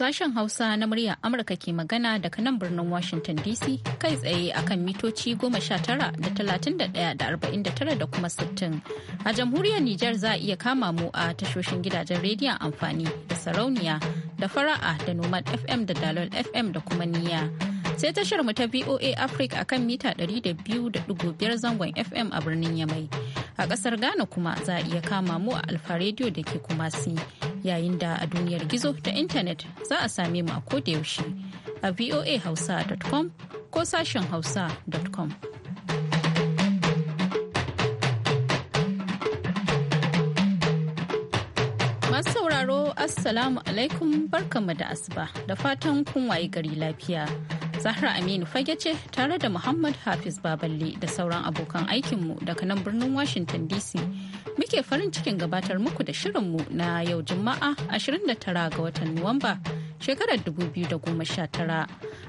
Sashen Hausa na muryar Amurka ke magana daga nan birnin Washington DC kai tsaye akan mitoci goma sha tara da talatin da 49 da da tara kuma sittin A jamhuriyar Nijar za a iya kama mu a tashoshin gidajen rediyon amfani da sarauniya da fara'a da nomad FM da dalol FM da kuma niyya. Sai tashar mu ta VOA Africa akan mita ɗari 200.5 zangon FM a birnin Yamai. A ƙasar Ghana kuma za a iya kama mu a Alfa Radio da ke Kumasi. yayin da a duniyar gizo ta intanet za a same mu a yaushe a voahausa.com ko sashen hausa.com. Masu sauraro Assalamu alaikum barkanmu da asuba da fatan kun waye gari lafiya. Zahra Aminu fage ce tare da Muhammad Hafiz Baballe da sauran abokan aikinmu daga nan birnin Washington DC. Muke farin cikin gabatar muku da shirinmu na yau Juma'a 29 ga watan Nuwamba shekarar 2019.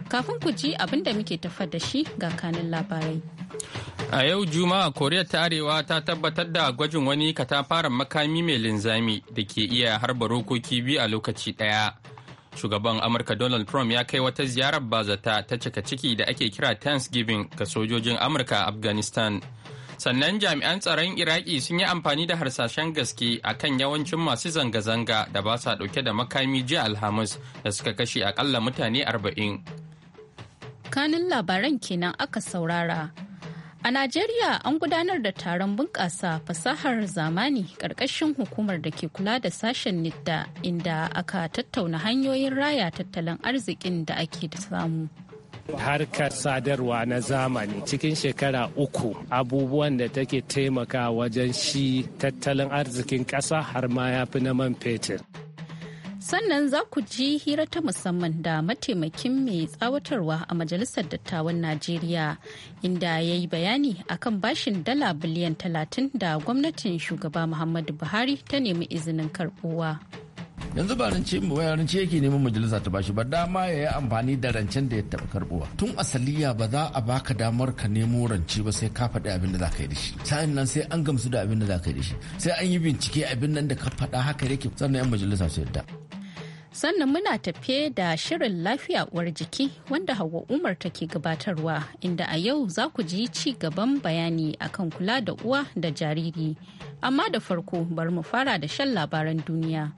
Kafin ku ji abin da muke tafar da shi ga kanin labarai. A yau Juma'a Koriya ta Arewa ta tabbatar da gwajin wani katafaren makami mai linzami da ke iya harba rokoki biyu a lokaci ɗaya. Shugaban Amurka Donald Trump ya kai wata ziyarar bazata ta cika ciki da ake kira Thanksgiving ga sojojin Amurka a Afghanistan. Sannan jami'an tsaron Iraki sun yi amfani da harsashen gaske a kan yawancin masu zanga-zanga da ba sa dauke da makami jiya Alhamis da suka kashe akalla mutane arba'in. Kanin labaran kenan aka saurara. A Najeriya an gudanar da taron bunƙasa fasahar zamani ƙarƙashin hukumar da ke kula da sashen nidda inda aka tattauna hanyoyin raya tattalin arzikin da ake da samu. harkar sadarwa na zamani cikin shekara uku abubuwan da take taimaka wajen shi tattalin arzikin ƙasa har ma ya fi na man fetur. Sannan za ku ji hira ta musamman da mataimakin mai tsawatarwa a Majalisar Dattawan Najeriya inda ya yi bayani akan bashin dala biliyan talatin da gwamnatin shugaba Muhammadu Buhari ta nemi izinin karbuwa. yanzu ba rance mu ba rance yake neman majalisa ta bashi ba dama ya yi amfani da rancen da ya taɓa karbuwa tun asaliya ba za a baka damar ka nemo rance ba sai ka faɗi abin da za ka yi da shi sa'in nan sai an gamsu da abin da za ka yi da shi sai an yi bincike abin nan da ka faɗa haka yake sannan yan majalisa su yadda sannan muna tafe da shirin lafiya uwar jiki wanda hawa umar take gabatarwa inda a yau za ku ji ci gaban bayani akan kula da uwa da jariri amma da farko bar mu fara da shan labaran duniya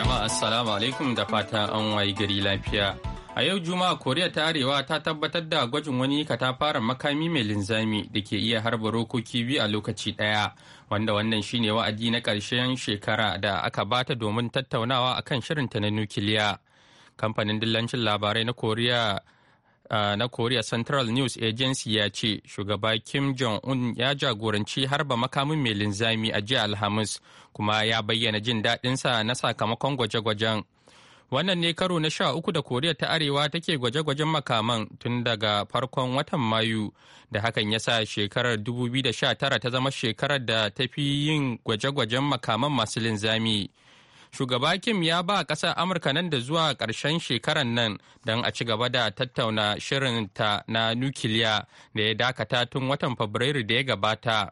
jama'a assalamu alaikum da fata an wayi gari lafiya A yau Juma'a Koriya ta Arewa ta tabbatar da gwajin wani fara makami mai linzami da ke iya harba rokoki biyu a lokaci ɗaya, wanda wannan shine wa'adi na ƙarshen shekara da aka bata domin tattaunawa akan shirinta na nukiliya. Kamfanin dillancin labarai na Koriya Uh, na Korea Central News Agency ya ce shugaba Kim Jong-un ya jagoranci harba makamin mai linzami a jiya Alhamis kuma ya bayyana jin daɗinsa na sakamakon gwaje-gwajen Wannan ne karo na sha uku da Koriya ta Arewa take gwaje-gwajen makaman tun daga farkon watan Mayu, da hakan ya sa shekarar 2019 ta zama shekarar da ta fi yin gwaje-gwajen makaman masu linzami. Shugaba Kim ya ba ƙasar Amurka nan da zuwa ƙarshen shekarar nan don a ci gaba da tattauna shirinta na nukiliya da ya dakata tun watan Fabrairu da ya gabata.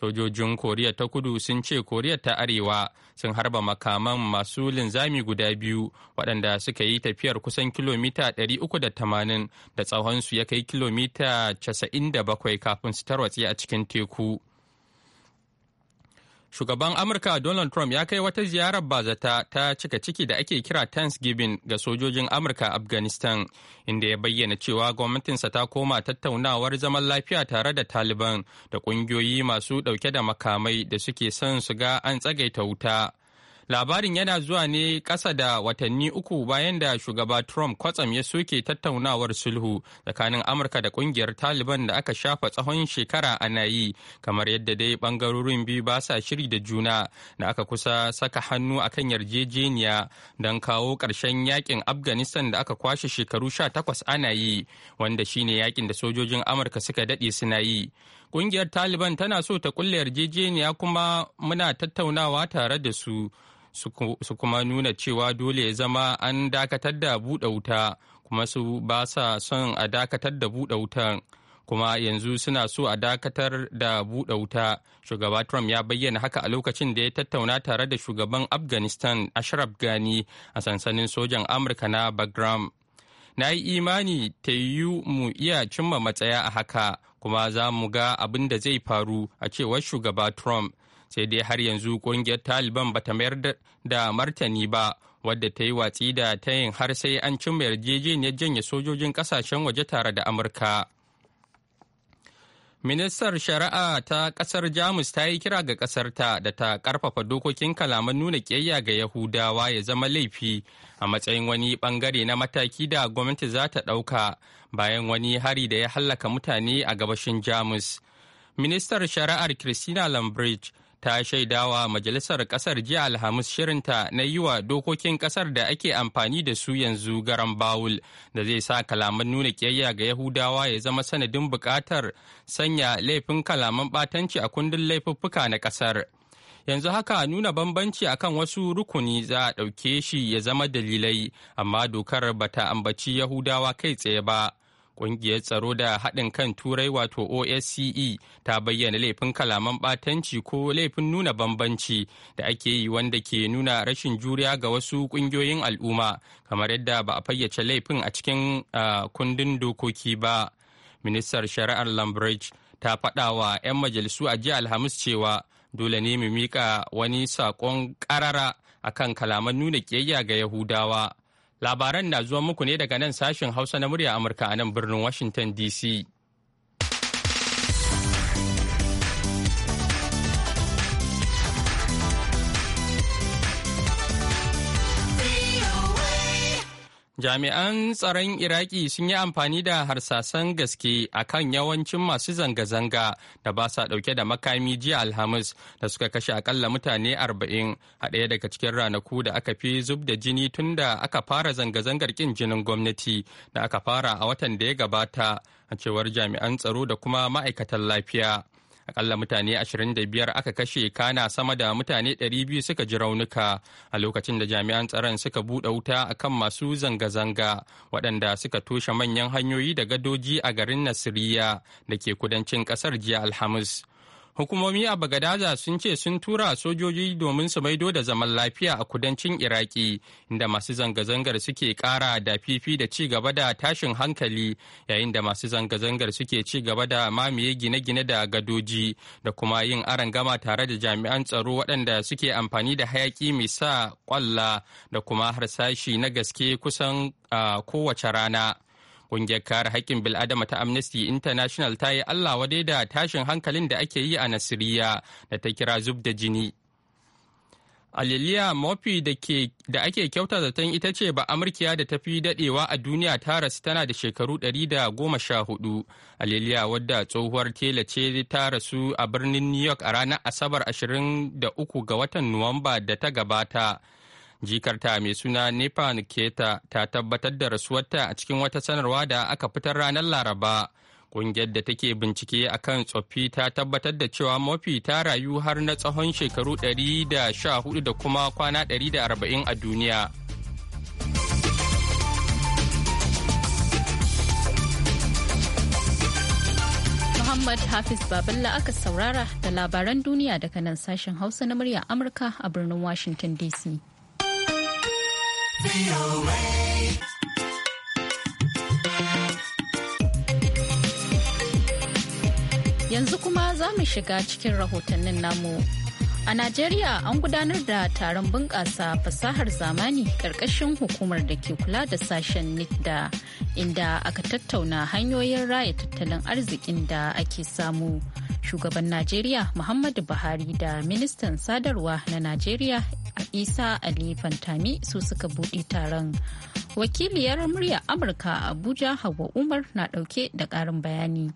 sojojin koriya ta kudu sun ce koriya ta arewa sun harba makaman masu linzami guda biyu waɗanda suka yi tafiyar kusan kilomita 380 da tsawonsu ya kai kilomita 97 kafin su tarwatse a cikin teku shugaban Amurka Donald Trump ya kai wata ziyarar bazata ta cika ciki da ake kira Thanksgiving ga sojojin Amurka Afghanistan, inda ya bayyana cewa gwamnatinsa ta koma tattaunawar zaman lafiya tare da Taliban da ƙungiyoyi masu ɗauke da makamai da suke son su ga an tsagaita wuta. Labarin yana zuwa ne kasa da watanni uku bayan da shugaba Trump kwatsam ya soke tattaunawar sulhu tsakanin Amurka da kungiyar Taliban da aka shafa tsawon shekara ana yi, kamar yadda dai bangarorin biyu ba sa shiri da juna da aka kusa saka hannu a kan yarjejeniya don kawo ƙarshen yakin Afghanistan da aka kwashe shekaru sha takwas ana yi, wanda shine yakin da sojojin Amurka suka daɗe suna yi. Ƙungiyar Taliban tana so ta kulle yarjejeniya kuma muna tattaunawa tare da su. su kuma nuna cewa dole ya zama an dakatar da buɗe wuta kuma su ba sa son a dakatar da buɗe wutan kuma yanzu suna so a dakatar da buɗe wuta shugaba trump ya bayyana haka a lokacin da ya tattauna tare da shugaban afghanistan ashraf gani a sansanin sojan amurka na bagram na yi imani ta yi mu iya cimma matsaya a haka kuma za mu ga abin da zai faru a cewar shugaba trump sai dai har yanzu kungiyar taliban bata mayar da martani ba wadda ta yi watsi da ta yin har sai an cimma yarjejeniyar janye sojojin kasashen waje tare da amurka ministar shari'a ta kasar jamus ta yi kira ga kasar ta da ta karfafa dokokin kalaman nuna kiyayya ga yahudawa ya zama laifi a matsayin wani bangare na mataki da gwamnati za ta ɗauka bayan wani hari da ya hallaka mutane a gabashin jamus ministar shari'ar christina lambridge ta shaidawa majalisar kasar jiya alhamis shirinta na yi wa dokokin kasar da ake amfani da su yanzu garan bawul da zai sa kalaman nuna kiyayya ga yahudawa ya zama sanadin bukatar sanya laifin kalaman batanci a kundin laifuffuka na kasar yanzu haka nuna bambanci akan wasu rukuni za a ɗauke shi ya zama dalilai amma dokar ba ta ambaci yahudawa kai tsaye ba Ƙungiyar tsaro da haɗin kan Turai wato OSCE ta bayyana laifin kalaman ɓatanci ko laifin nuna bambanci da ake yi wanda ke nuna rashin juriya ga wasu ƙungiyoyin al'umma kamar yadda ba a fayyace laifin a cikin kundin dokoki ba. Ministar Shari'ar Lambridge ta faɗa wa 'yan majalisu a jiya Alhamis cewa dole ne mu miƙa wani saƙon ƙarara akan kalaman nuna ƙiyayya ga Yahudawa. Labaran na zuwa muku ne daga nan sashen Hausa na murya Amurka a nan birnin Washington DC. Jami'an tsaron Iraki sun yi amfani da harsasan gaske a kan yawancin masu zanga-zanga da ba sa ɗauke da makami jiya Alhamis da suka kashe akalla mutane arba'in a ɗaya daga cikin ranaku da aka fi zub da jini tun da aka fara zanga-zangar ƙin jinin gwamnati da aka fara a watan da ya gabata a cewar jami'an tsaro da kuma ma'aikatan lafiya. akalla mutane 25 aka kashe kana sama da mutane 200 suka ji raunuka a lokacin da jami'an tsaron suka buɗe wuta akan masu zanga-zanga waɗanda suka toshe manyan hanyoyi da gadoji a garin nasiriya da ke kudancin ƙasar jiya alhamis Hukumomi a Bagadaza sun ce sun tura sojoji domin su maido da zaman lafiya a kudancin Iraki, inda masu zanga-zangar suke kara da fifi da ci gaba da tashin hankali, yayin da masu zanga-zangar suke ci gaba da mamaye gine-gine da gadoji da kuma yin arangama tare da jami'an tsaro waɗanda suke amfani da hayaƙi mai sa ƙwalla da kuma harsashi na gaske kusan ah, kowace rana. Ƙungiyar kare haƙƙin bil'adama ta Amnesty International ta yi Allah wadai da tashin hankalin da ake yi a Nasiriya da ta kira zub da jini. Aliliya mafi da ake kyauta zaton ita ce ba Amurkiya da ta fi dadewa a duniya ta rasu tana da shekaru 114. Aliliya wadda tsohuwar tela ce ta rasu a birnin New York a ranar Asabar 23 ga watan Nuwamba da ta gabata. jikarta mai suna nepa keta ta tabbatar da rasuwarta a cikin wata sanarwa da aka fitar ranar laraba ƙungiyar da take bincike a kan tsoffi ta tabbatar da cewa mafi ta rayu har na tsawon shekaru 114 da kuma kwana 140 a duniya Muhammad Hafiz Baballa aka saurara da labaran duniya daga nan sashen Hausa na murya Amurka a birnin Washington DC. Yanzu kuma za mu shiga cikin rahotannin namu. A Najeriya an gudanar da taron bunƙasa fasahar zamani ƙarƙashin hukumar da ke kula da sashen NITDA inda aka tattauna hanyoyin raya tattalin arzikin da ake samu. Shugaban Najeriya Muhammadu Buhari da ministan sadarwa na Najeriya isa ali fantami su suka buɗe taron wakiliyar murya amurka abuja hawa umar na ɗauke da ƙarin bayani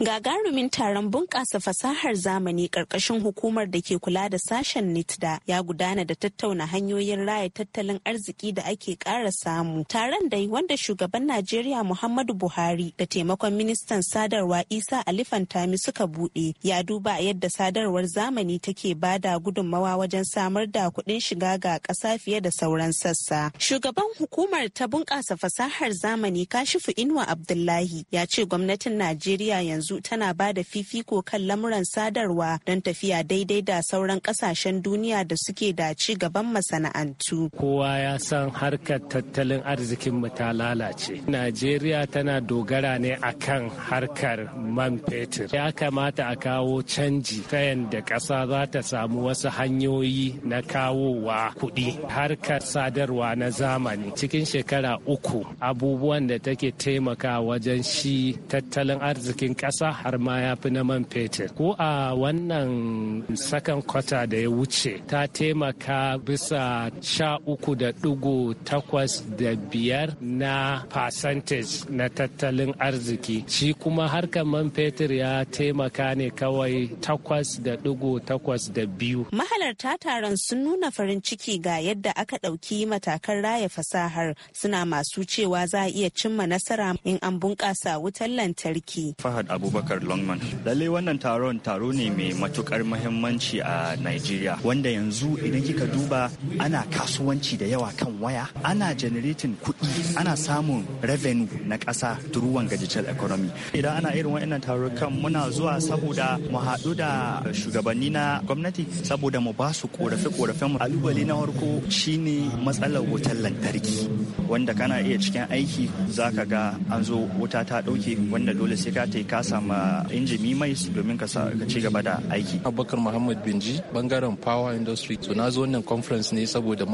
Gagarumin taron bunƙasa fasahar zamani ƙarƙashin hukumar da ke kula da sashen NITDA ya gudana da tattauna hanyoyin raya tattalin arziki da ake ƙara samu. Taron dai wanda shugaban Najeriya Muhammadu Buhari da taimakon ministan sadarwa Isa Alifantami suka buɗe ya duba yadda sadarwar zamani take bada gudunmawa wajen samar da kuɗin shiga ga ƙasa fiye da sauran sassa. Shugaban hukumar ta bunƙasa fasahar zamani Kashifu Inuwa Abdullahi ya ce gwamnatin Najeriya yanzu yanzu tana ba da fifiko kan lamuran sadarwa don tafiya daidai da sauran kasashen duniya da suke da ci gaban masana'antu. Kowa ya san harkar tattalin arzikin mu ta lalace. Najeriya tana dogara ne akan harkar man fetur. Ya kamata a kawo canji ta yadda ƙasa za ta samu wasu hanyoyi na kawowa kuɗi. Harkar sadarwa na zamani cikin shekara uku abubuwan da take taimaka wajen shi tattalin arzikin ƙasa ƙasa har ma ya fi na man fetur ko a wannan sakan kwata da ya wuce ta taimaka bisa sha uku da ɗigo takwas da biyar na percentage na tattalin arziki shi kuma harkar man fetur ya taimaka ne kawai takwas da ɗigo takwas da biyu mahalarta taron sun nuna farin ciki ga yadda aka ɗauki matakan raya fasahar suna masu cewa za a iya cimma nasara in an bunƙasa wutar lantarki fahad abubakar longman lalle wannan taron taro ne mai matukar mahimmanci a nigeria wanda yanzu idan kika duba ana kasuwanci da yawa kan waya ana generating kuɗi ana samun revenue na ƙasa turuwan ga digital economy idan ana irin wa'annan kan, muna zuwa saboda mu haɗu da shugabanni na gwamnati saboda mu ba su korafe korafen mu Alubali na farko shine matsalar wutar lantarki wanda kana iya cikin aiki zaka ga an zo wuta ta ɗauke wanda dole sai ka ta kasa sama injimi mai domin ka ci gaba da aiki. Abubakar Muhammad Binji bangaren Power Industry. So na zo wannan conference ne saboda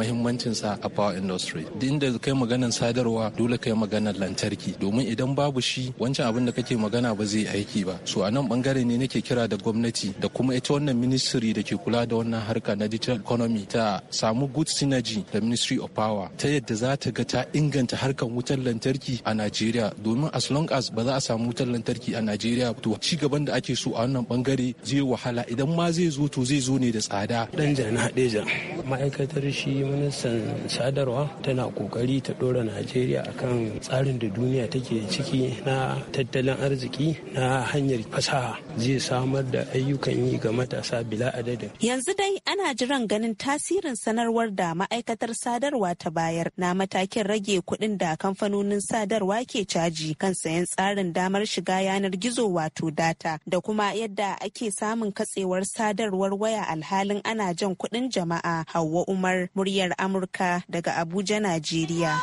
sa a Power Industry. da kai maganar sadarwa dole kai maganar lantarki domin idan babu shi wancan abin da kake magana ba zai aiki ba. So a nan bangare ne nake kira da gwamnati da kuma ita wannan ministry da ke kula da wannan harka na digital economy ta samu good synergy da Ministry of Power ta yadda za ta ga ta inganta harkar wutar lantarki a Najeriya domin as long as ba za a samu wutar lantarki a Najeriya najeriya to ci gaban da ake so a wannan bangare zai wahala idan ma zai zo to zai zo ne da tsada dan jana hadeja ma'aikatar shi ministan sadarwa tana kokari ta dora najeriya akan tsarin da duniya take ciki na tattalin arziki na hanyar fasaha zai samar da ayyukan yi ga matasa bila adadin yanzu dai ana jiran ganin tasirin sanarwar da ma'aikatar sadarwa ta bayar na matakin rage kuɗin da kamfanonin sadarwa ke caji kan sayan tsarin damar shiga yanar gizo gizo wato data da kuma yadda ake samun katsewar sadarwar waya alhalin ana jan kuɗin jama'a Hauwa Umar muryar Amurka daga Abuja, Najeriya.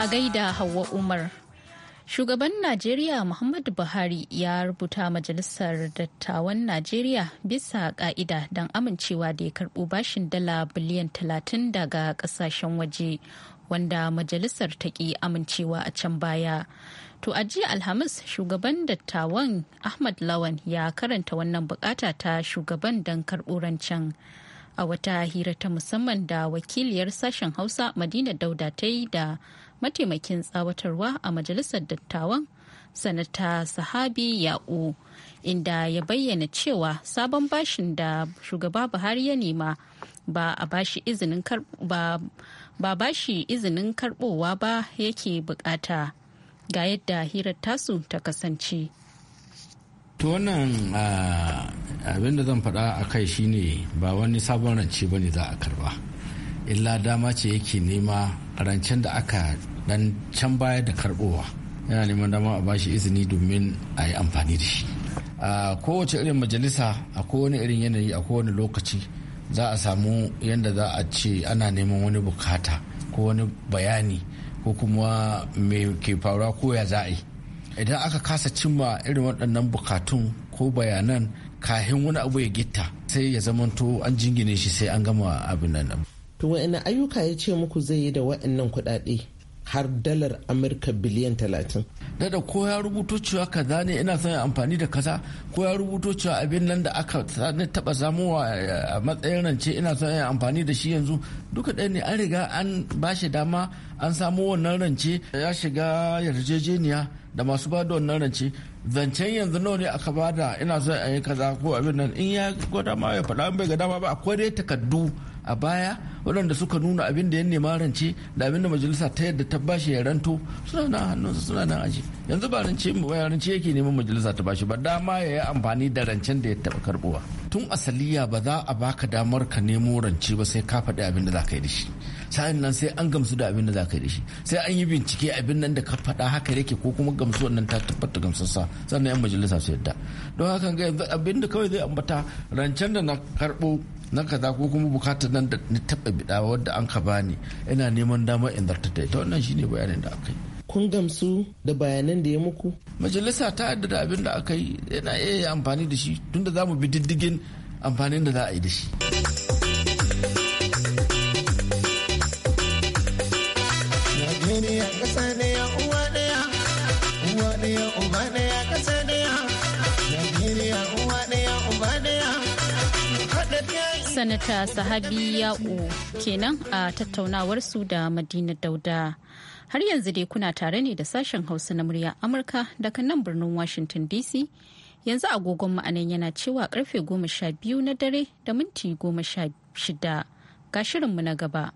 A gaida Hauwa Umar. Shugaban Najeriya Muhammadu Buhari ya rubuta Majalisar Dattawan Najeriya bisa ka'ida don amincewa da ya karɓo bashin dala biliyan 30 daga ƙasashen waje wanda majalisar ta ƙi amincewa a can baya. To a jiya Alhamis shugaban dattawan Ahmad Lawan ya karanta wannan bukata ta shugaban don karɓo rancen. A wata hira ta musamman da wakiliyar sashen Hausa Madina Dauda ta yi da mataimakin tsawatarwa a majalisar dattawan sanata sahabi ya'u inda ya bayyana cewa sabon bashin da shugaba buhari ya nema ba a bashi izinin ba ba izinin karbowa ba yake bukata ga yadda hirar tasu ta kasance to wannan abin da zan faɗa a kai shine ba wani sabon rance ba ne za a karba illa dama ce yake nema rancen da aka dan can baya da karbowa yana neman dama a bashi izini domin a yi amfani da shi a kowace irin majalisa a kowane irin yanayi a kowane lokaci za a samu yadda za a ce ana neman wani bukata ko wani bayani ko kuma me ke faruwa ko ya za a yi idan aka kasa cimma irin waɗannan bukatun ko bayanan kahin wani abu ya gitta sai ya zamanto an jingine shi sai an gama abin nan to wa'ina ayyuka ya ce muku zai yi da wa'annan kuɗaɗe har dalar amurka biliyan talatin dada ko ya rubuto cewa kaza ne ina son amfani da kaza ko ya rubuto cewa abin nan da aka taba samuwa eh, a matsayin rance ina son yin amfani da shi yanzu duka ɗaya ne an riga an bashi dama an samu wannan rance ya shiga yarjejeniya da masu ba da wannan rance zancen yanzu nawa ne aka bada ina son a yi kaza ko abin nan in ya gwada ma ya faɗa bai ga dama ba akwai dai takaddu a baya waɗanda suka nuna abin da ya nema rance da abin da majalisa ta yadda ta bashi ya ranto suna nan hannunsa suna nan aji yanzu ba rance mu ba rance yake neman majalisa ta bashi ba dama ya yi amfani da rancen da ya taba karbuwa tun asaliya ba za a baka damar ka nemo rance ba sai ka faɗi abin da za ka yi da shi sa'in nan sai an gamsu da abin da za ka yi da shi sai an yi bincike abin nan da ka faɗa haka yake ko kuma gamsu wannan ta tabbata gamsarsa sannan yan majalisa su yadda don haka ga yanzu abin da kawai zai ambata rancen da na karbo na kaza ko kuma bukatar nan da ni taɓa biɗa wadda an ka bani ina neman damar in zartar da ita wannan shine bayanin da aka yi kun gamsu da bayanan da ya muku majalisa ta yarda da abin da aka yi yana iya amfani da shi tunda za mu bi diddigin amfanin da za a yi da shi sanata sahabi ya'u kenan a tattaunawarsu da madina dauda Har yanzu dai kuna tare ne da sashen Hausa na murya Amurka daga nan birnin Washington DC. Yanzu agogon ma'anan yana cewa karfe goma sha biyu na dare da minti goma sha shida. Ga shirinmu na gaba.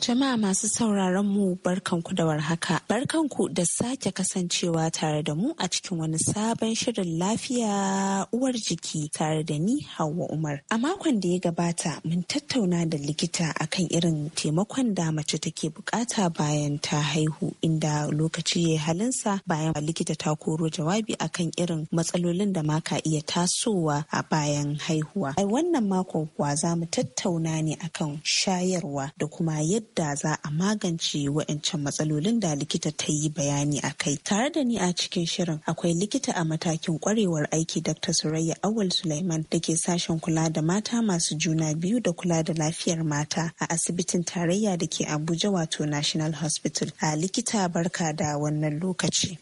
Jama'a masu sauraron mu barkanku da warhaka. Barkanku da sake kasancewa tare da mu a cikin wani sabon shirin lafiya uwar jiki tare da ni Hauwa Umar. A makon da ya gabata mun tattauna da likita akan irin taimakon da mace take bukata bayan ta haihu inda lokaci ya halinsa bayan likita ta koro jawabi akan irin matsalolin da maka iya tasowa a bayan haihuwa. Ai wannan makon kuwa za mu tattauna ne akan shayarwa da kuma yadda yadda za a magance wa'ancan matsalolin da likita ta yi bayani a kai. Tare da ni a cikin shirin akwai likita a matakin kwarewar aiki Dr. Surayya Awal Sulaiman da ke sashen kula da mata masu juna biyu da kula da lafiyar mata a asibitin tarayya da ke Abuja wato National Hospital. A likita barka da wannan lokaci.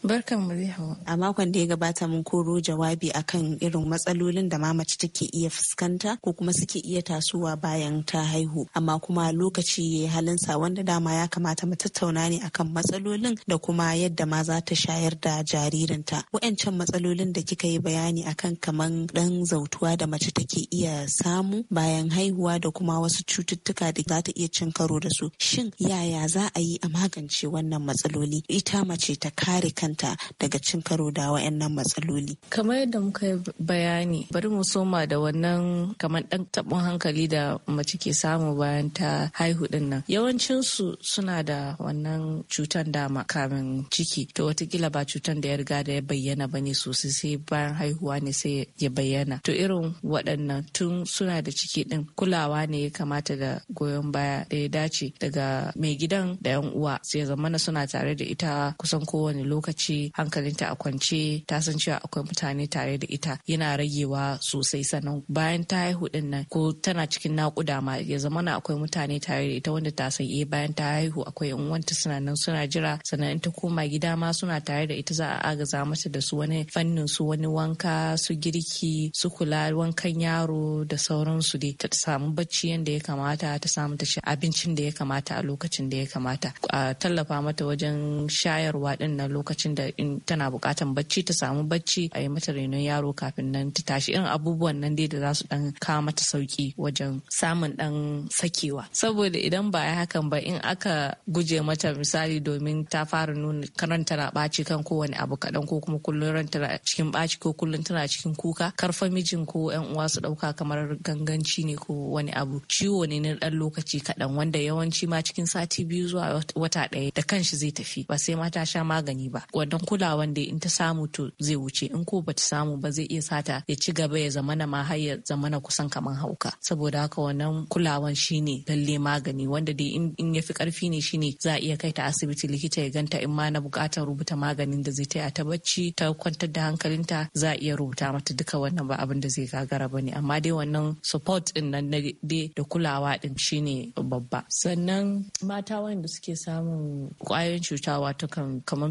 A makon da ya gabata mun koro jawabi akan irin matsalolin da mamaci take iya fuskanta ko kuma suke iya tasowa bayan ta haihu amma kuma lokaci ya halin amsa wanda dama ya kamata mu tattauna ne akan matsalolin da kuma yadda ma za ta shayar da jaririnta wa'yancan matsalolin da kika yi bayani akan kaman dan zautuwa da mace take iya samu bayan haihuwa da kuma wasu cututtuka da za ta iya cin karo da su shin yaya za a yi a magance wannan matsaloli ita mace ta kare kanta daga cin karo da wa'annan matsaloli kamar yadda muka yi bayani bari mu soma da wannan kamar dan tabon hankali da mace ke samu bayan ta haihu din nan yawancinsu suna da wannan cutar dama makamin ciki to watakila ba cutar da ya riga da ya bayyana ba ne sosai sai bayan haihuwa ne sai ya bayyana to irin waɗannan tun suna da ciki ɗin kulawa ne ya kamata da goyon baya da ya dace daga mai gidan da yan uwa sai zamana suna tare da ita kusan kowane lokaci hankalinta a kwance ta san cewa akwai mutane tare da ita yana ragewa sosai sannan bayan ta haihu ɗin nan ko tana cikin naƙuda ma ya zamana akwai mutane tare da ita wanda ta san eh bayan ta haihu akwai yan uwanta suna nan suna jira sannan in ta koma gida ma suna tare da ita za a agaza mata da su wani fannin su wani wanka su girki su kula wankan yaro da sauransu dai ta samu bacci yadda ya kamata ta samu ta ci abincin da ya kamata a lokacin da ya kamata a tallafa mata wajen shayarwa din na lokacin da in tana bukatan bacci ta samu bacci a yi mata renon yaro kafin nan ta tashi irin abubuwan nan dai da za su dan kawo mata sauki wajen samun dan sakewa saboda idan ba ya hakan ba in aka guje mata misali domin ta fara nuna karanta na ɓaci kan kowane abu kaɗan ko kuma kullum ranta na cikin ɓaci ko kullum tana cikin kuka karfa mijin ko yan uwa su ɗauka kamar ganganci ne ko wani abu ciwo ne na ɗan lokaci kaɗan wanda yawanci ma cikin sati biyu zuwa wata ɗaya da kanshi zai tafi ba sai ma ta sha magani ba wannan kulawan da in ta samu to zai wuce in ko bata samu ba zai iya sata ya ci gaba ya zamana ma har ya zamana kusan kamar hauka saboda haka wannan kulawan shine lalle magani wanda dai in ya fi karfi ne shi ne za a iya kai ta asibiti likita ya ganta in ma na bukatar rubuta maganin da zai taya ta bacci ta kwantar da hankalinta za a iya rubuta mata duka wannan ba abin da zai gagara ba ne amma dai wannan support din nan dai da kulawa din shine babba sannan mata wanda suke samun kwayoyin cuta wato kan kamar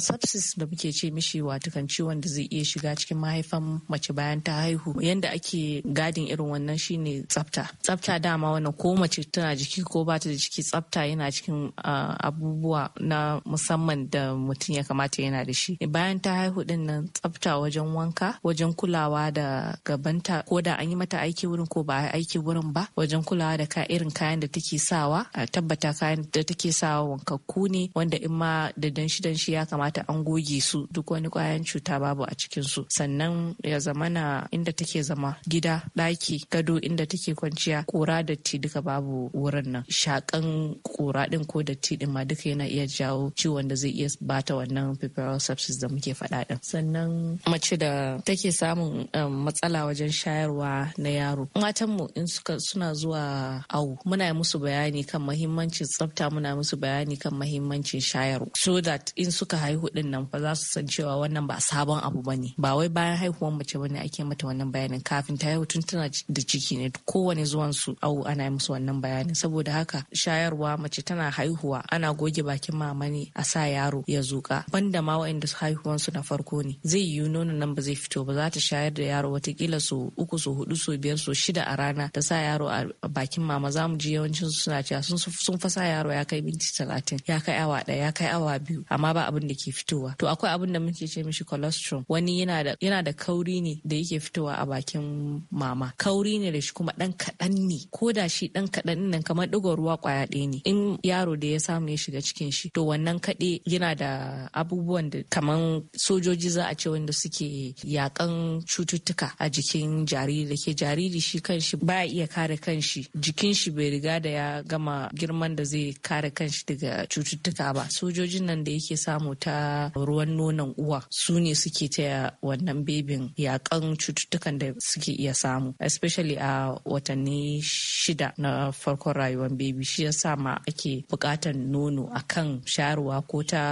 sepsis da muke ce mishi wato kan ciwon da zai iya shiga cikin mahaifan mace bayan ta haihu yanda ake gadin irin wannan shine tsafta tsafta dama wannan ko mace tana jiki ko ba ta jiki tsafta yana cikin abubuwa na musamman da mutum ya kamata yana da shi bayan ta haihu din nan tsafta wajen wanka wajen kulawa da gabanta ko da an yi mata aiki wurin ko ba a aiki wurin ba wajen kulawa da ka irin kayan da take sawa a tabbata kayan da take sawa wankakku ne wanda in ma da danshi danshi ya kamata an goge su duk wani kwayan cuta babu a cikin su sannan ya zamana inda take zama gida ɗaki gado inda take kwanciya kura da ti duka babu wurin nan kan kura din ko datti din ma duka yana iya jawo ciwon da zai iya bata wannan febrile sepsis da muke faɗa din sannan mace da take samun um, matsala wajen shayarwa na yaro matan mu in suka suna zuwa awu muna musu bayani kan mahimmancin tsafta muna musu bayani kan mahimmancin shayarwa so that in suka haihu din nan fa za su san cewa wannan ba sabon abu bane ba wai bayan haihuwar mace bane ake mata wannan bayanin kafin ta haihu tun tana da ciki ne kowane zuwan su awu ana musu wannan bayanin saboda haka shayarwa mace tana haihuwa ana goge bakin mama ne a sa yaro ya zuka banda ma waɗanda haihuwan su na farko ne zai yiwu nono nan ba zai fito ba za ta shayar da yaro watakila so uku so hudu so biyar so shida a rana ta sa yaro a bakin mama za mu ji yawancin su suna cewa sun fa sa yaro ya kai minti talatin ya kai awa ɗaya ya kai awa biyu amma ba abin da ke fitowa to akwai abin da muke ce mishi colostrum wani yana da kauri ne da yake fitowa a bakin mama kauri ne da shi kuma ɗan kaɗan ne ko da shi ɗan kaɗan nan kamar ɗigon ruwa kwaya ɗaya ne in yaro da ya samu ya shiga cikin shi to wannan kaɗe yana da abubuwan da kaman sojoji za a ce wanda suke yakan cututtuka a jikin jariri da ke jariri shi kanshi ba iya kare kanshi jikin shi bai riga da ya gama girman da zai kare kanshi daga cututtuka ba sojojin nan da yake samu ta ruwan nonon uwa su ne suke taya wannan bebin yakan cututtukan da suke iya samu especially a watanni shida na farkon rayuwar bebi shi sa ma ake bukatan nono a kan shayarwa ko ta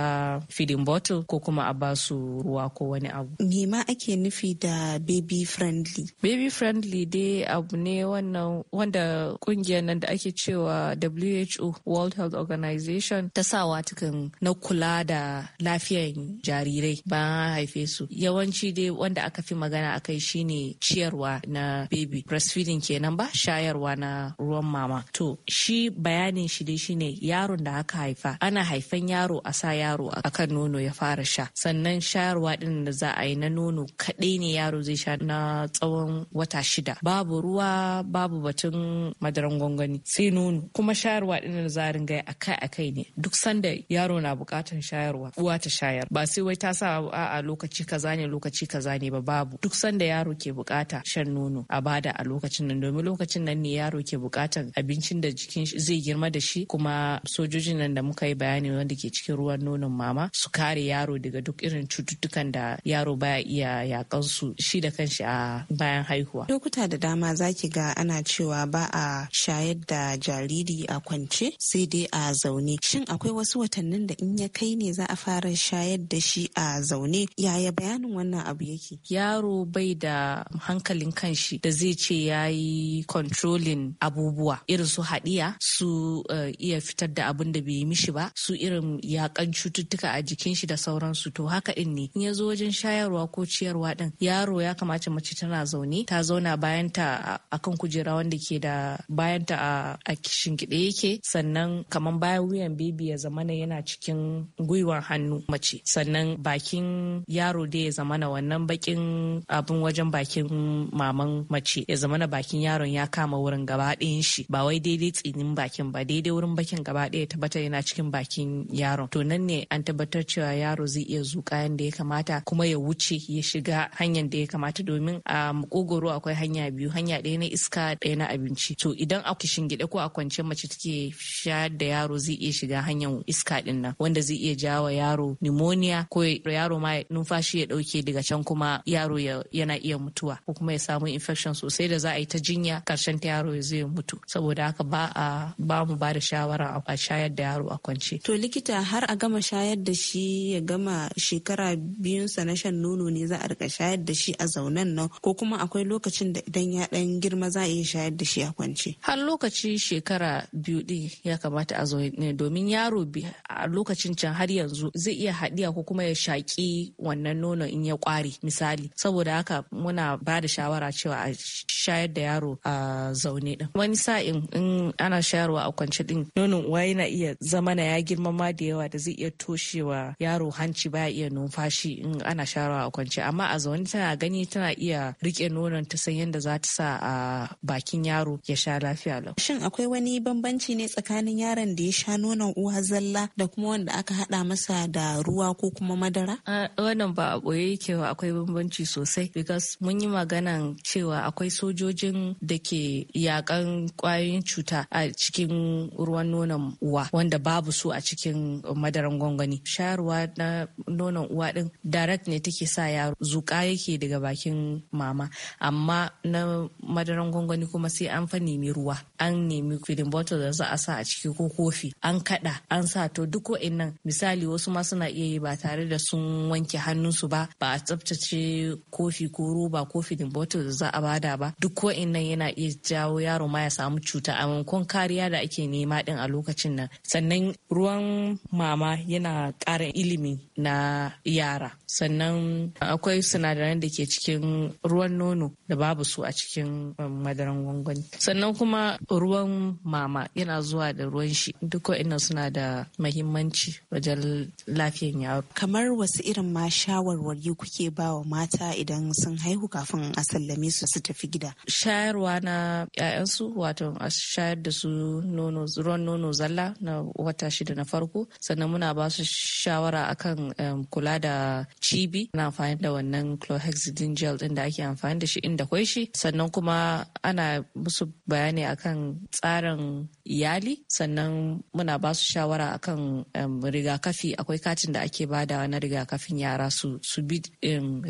feeding bottle ko kuma a basu ruwa ko wani abu me ma ake nufi da baby friendly baby friendly dai abu ne wannan wanda kungiyar nan da ake cewa WHO World Health Organization ta sa watakan na kula da lafiyan jarirai bayan haife su yawanci dai wanda aka fi magana a akai shine ciyarwa na baby breastfeeding kenan ba shayarwa na ruwan mama to shi bayanin shi dai shine yaron da aka haifa ana haifan yaro a sa yaro akan nono ya fara sha sannan shayarwa din da za a yi na nono kaɗai ne yaro zai sha na tsawon wata shida babu ruwa babu batun madaran gwangwani sai nono kuma shayarwa din da za a ringa akai akai ne duk sanda yaro na bukatan shayarwa uwa ta shayar ba sai wai ta sa a lokaci kaza ne lokaci kaza ne ba babu duk sanda yaro ke bukata shan nono a bada a lokacin nan domin lokacin nan ne yaro ke bukatan abincin da jikin zai girma da shi kuma sojojin nan da muka yi bayani wanda ke cikin ruwan nonon mama su kare yaro daga duk irin cututtukan da yaro baya iya yakan su shi da kanshi a bayan haihuwa. Lokuta da dama zaki ga ana cewa ba a shayar da jariri a kwance sai dai a zaune. Shin akwai wasu watannin da in ya kai ne za a fara shayar da shi a zaune? Yaya bayanin wannan abu yake? Yaro bai da hankalin kanshi da zai ce ya yi controlling abubuwa irin su haɗiya su su eh, iya fitar da abin da bai yi mishi ba su irin yakan cututtuka a jikin shi da sauransu to haka din ne in ya zo wajen shayarwa ko ciyarwa din yaro ya kamata mace tana zaune ta zauna bayan ta akan kujera wanda ke da bayan ta a shingiɗe yake sannan kamar bayan wuyan bebi ya zamana yana cikin gwiwar hannu mace sannan bakin yaro da ya zamana wannan bakin abin wajen bakin maman mace ya zamana bakin yaron ya kama wurin gaba ɗayan shi ba wai daidai tsinin baki bakin ba daidai wurin bakin gaba ɗaya tabbatar yana cikin bakin yaron to nan ne an tabbatar cewa yaro zai iya zuƙa yanda ya kamata kuma ya wuce ya shiga hanyar da ya kamata domin a makogoro akwai hanya biyu hanya ɗaya na iska ɗaya na abinci to idan a gida ko a kwance mace take shayar da yaro zai iya shiga hanyar iska ɗin nan wanda zai iya jawo yaro pneumonia ko yaro ma numfashi ya ɗauke daga can kuma yaro yana iya mutuwa ko kuma ya samu infection sosai da za a yi ta jinya karshen ta yaro zai mutu saboda haka ba a ba mu ba da shawara a shayar da yaro a kwance. To likita har a gama shayar da shi ya gama shekara biyun sa na shan nono ne za a rika shayar da shi a zaunan nan ko kuma akwai lokacin da idan ya dan girma za a iya shayar da shi a kwance. Har lokaci shekara biyu din ya kamata a zaune domin yaro a lokacin can har yanzu zai iya haɗiya ko kuma ya shaƙi wannan nono in ya ƙware misali saboda haka muna ba da shawara cewa a shayar da yaro a zaune din. Wani sa'in in ana shayarwa shayarwa a kwance din nonon uwa yana iya zama na ya girmama da yawa da zai iya toshewa yaro hanci baya iya numfashi in ana shayarwa a kwance amma a zaune tana gani tana iya rike nonon ta san yadda za ta sa a bakin yaro ya sha lafiya lau. Shin akwai wani bambanci ne tsakanin yaron da ya sha nonon uwa zalla da kuma wanda aka haɗa masa da ruwa ko kuma madara? Wannan ba a boye yake ba akwai bambanci sosai because mun yi maganan cewa akwai sojojin da ke yakan kwayoyin cuta a cikin cikin ruwan nonon uwa wanda babu su a cikin madaran gwangwani shayarwa na nonon uwa din direct ne take sa yaro zuƙa yake daga bakin mama amma na madaran gwangwani kuma sai an fa nemi ruwa an nemi feeding bottle da za a sa a ciki ko kofi an kada an sa to duk wa'innan misali wasu ma suna iya yi ba tare da sun wanke hannunsu ba ba a tsaftace kofi ko roba ko feeding bottle da za a bada ba duk wa'innan yana iya jawo yaro ma ya samu cuta a maimakon kariya da ake nema din a lokacin nan sannan ruwan mama yana ƙara ilimi na yara sannan akwai sinadaran da ke cikin ruwan nono da babu su a cikin um, madaran gwangwani sannan kuma ruwan mama yana zuwa da ruwan shi duk wa'annan suna da mahimmanci wajen lafiyan yaro kamar wasu irin ma shawarwari kuke ba wa mata idan sun haihu kafin a sallame su su tafi gida shayarwa na 'ya'yansu wato a shayar da su nono ruwan nono zalla na wata shida na farko sannan muna ba su shawara akan kula da cibi ana amfani da wannan chlorhexidine gel din da ake amfani da shi inda kwai shi sannan kuma ana musu bayani akan tsarin iyali sannan muna ba su shawara akan rigakafi akwai katin da ake badawa na rigakafin yara su su bi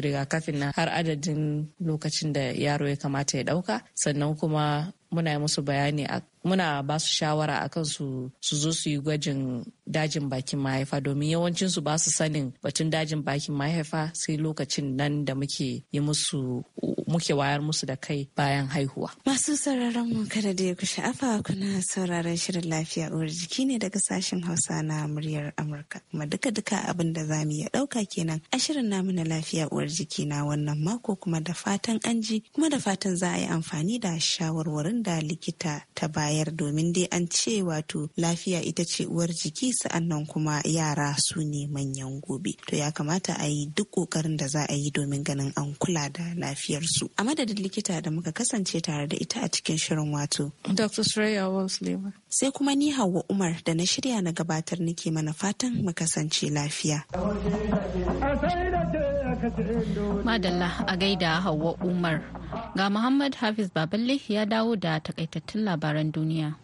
rigakafin na har adadin lokacin da yaro ya kamata ya dauka sannan kuma muna musu bayani muna ba su shawara akan su su zo su yi gwajin dajin bakin mahaifa domin yawancin su ba su sanin batun dajin bakin mahaifa sai lokacin nan da muke yi musu muke wayar musu da kai bayan haihuwa. Masu sauraron mu kada da ku sha'afa kuna sauraron shirin lafiya uwar jiki ne daga sashen Hausa na muryar Amurka. Kuma duka duka abin da za mu iya ɗauka kenan a shirin namu na lafiya uwar jiki na wannan mako kuma da fatan an ji kuma da fatan za a yi amfani da shawarwarin da likita ta bayar domin dai an ce wato lafiya ita ce uwar jiki sa'annan kuma yara su ne manyan gobe to ya kamata a yi duk ƙoƙarin da za a yi domin ganin an kula da lafiyarsu a madadin likita da muka kasance tare da ita a cikin shirin wato dr Shreya sai kuma ni hawa umar da na shirya na gabatar nake mana fatan mu kasance lafiya madalla a gaida hawa umar ga muhammad hafiz baballe ya dawo da takaitattun labaran duniya.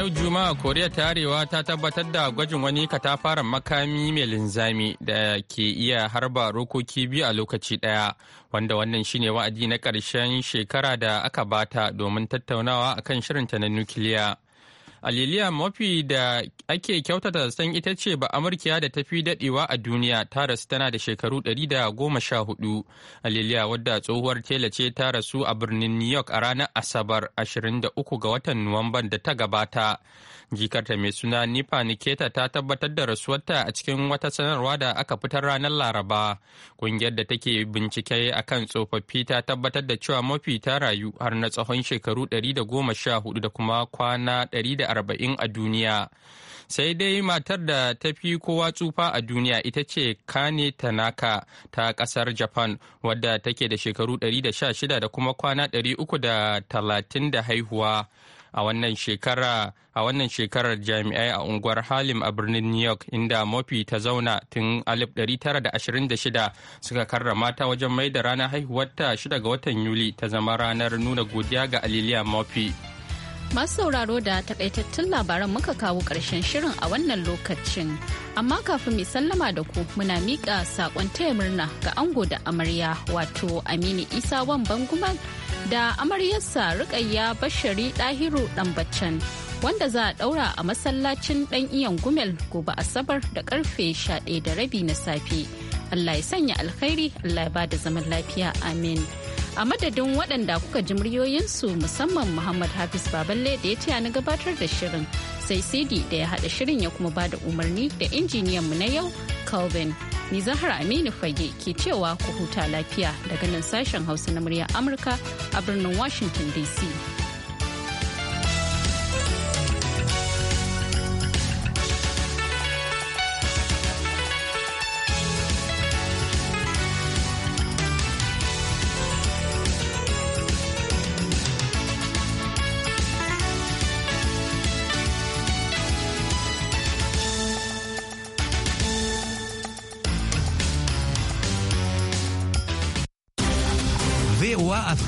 yau Juma'a Koriya ta Arewa ta tabbatar da gwajin wani katafaren makami mai linzami da ke iya harba rokoki biyu a lokaci daya wanda wannan shine wa'adi na karshen shekara da aka bata domin tattaunawa akan shirinta na nukiliya. Aliliya mafi da ake kyautata san ita ce ba Amurkiya da tafi dadewa a duniya ta rasu tana da shekaru 114. Aliliya wadda tsohuwar tela ce ta rasu a birnin New York a ranar Asabar 23 ga watan Nuwamban da ta gabata. jikarta mai suna nipa niketa ta tabbatar da rasuwarta a cikin wata sanarwa da aka fitar ranar laraba kungiyar da take bincike akan tsofaffi ta tabbatar da cewa mafi ta rayu har na tsawon shekaru 114 da kuma kwana 140 a duniya sai dai matar da ta fi kowa tsufa a duniya ita ce kane tanaka ta kasar japan wadda take da shekaru 116 da kuma kwana 330 da haihuwa a wannan shekara a wannan shekarar jami'ai a unguwar halim a birnin new york inda mafi ta zauna tun 1926 suka karrama ta wajen mai da ranar haihuwarta 6 ga watan yuli ta zama ranar nuna godiya ga aliliya mafi. Masu sauraro da takaitattun labaran muka kawo ƙarshen shirin a wannan lokacin. Amma kafin mai sallama da ku muna miƙa saƙon taya murna ga ango da amarya wato Aminu Isa wan banguman da amaryarsa Rukayya Bashari Ɗahiru Ɗanbacan wanda za a ɗaura a masallacin ɗan iyan gumel gobe Asabar da karfe 11 da rabi na safe. Allah ya sanya alkhairi, Allah ya ba da zaman lafiya, amin. a madadin waɗanda kuka ji muryoyinsu musamman muhammad hafiz baballe da ya taya na gabatar da shirin sai cd da ya haɗa shirin ya kuma ba da umarni da injiniyan mu na yau calvin ni zahra aminu fage ke cewa ku huta lafiya daga nan sashen hausa na murya amurka a birnin washington dc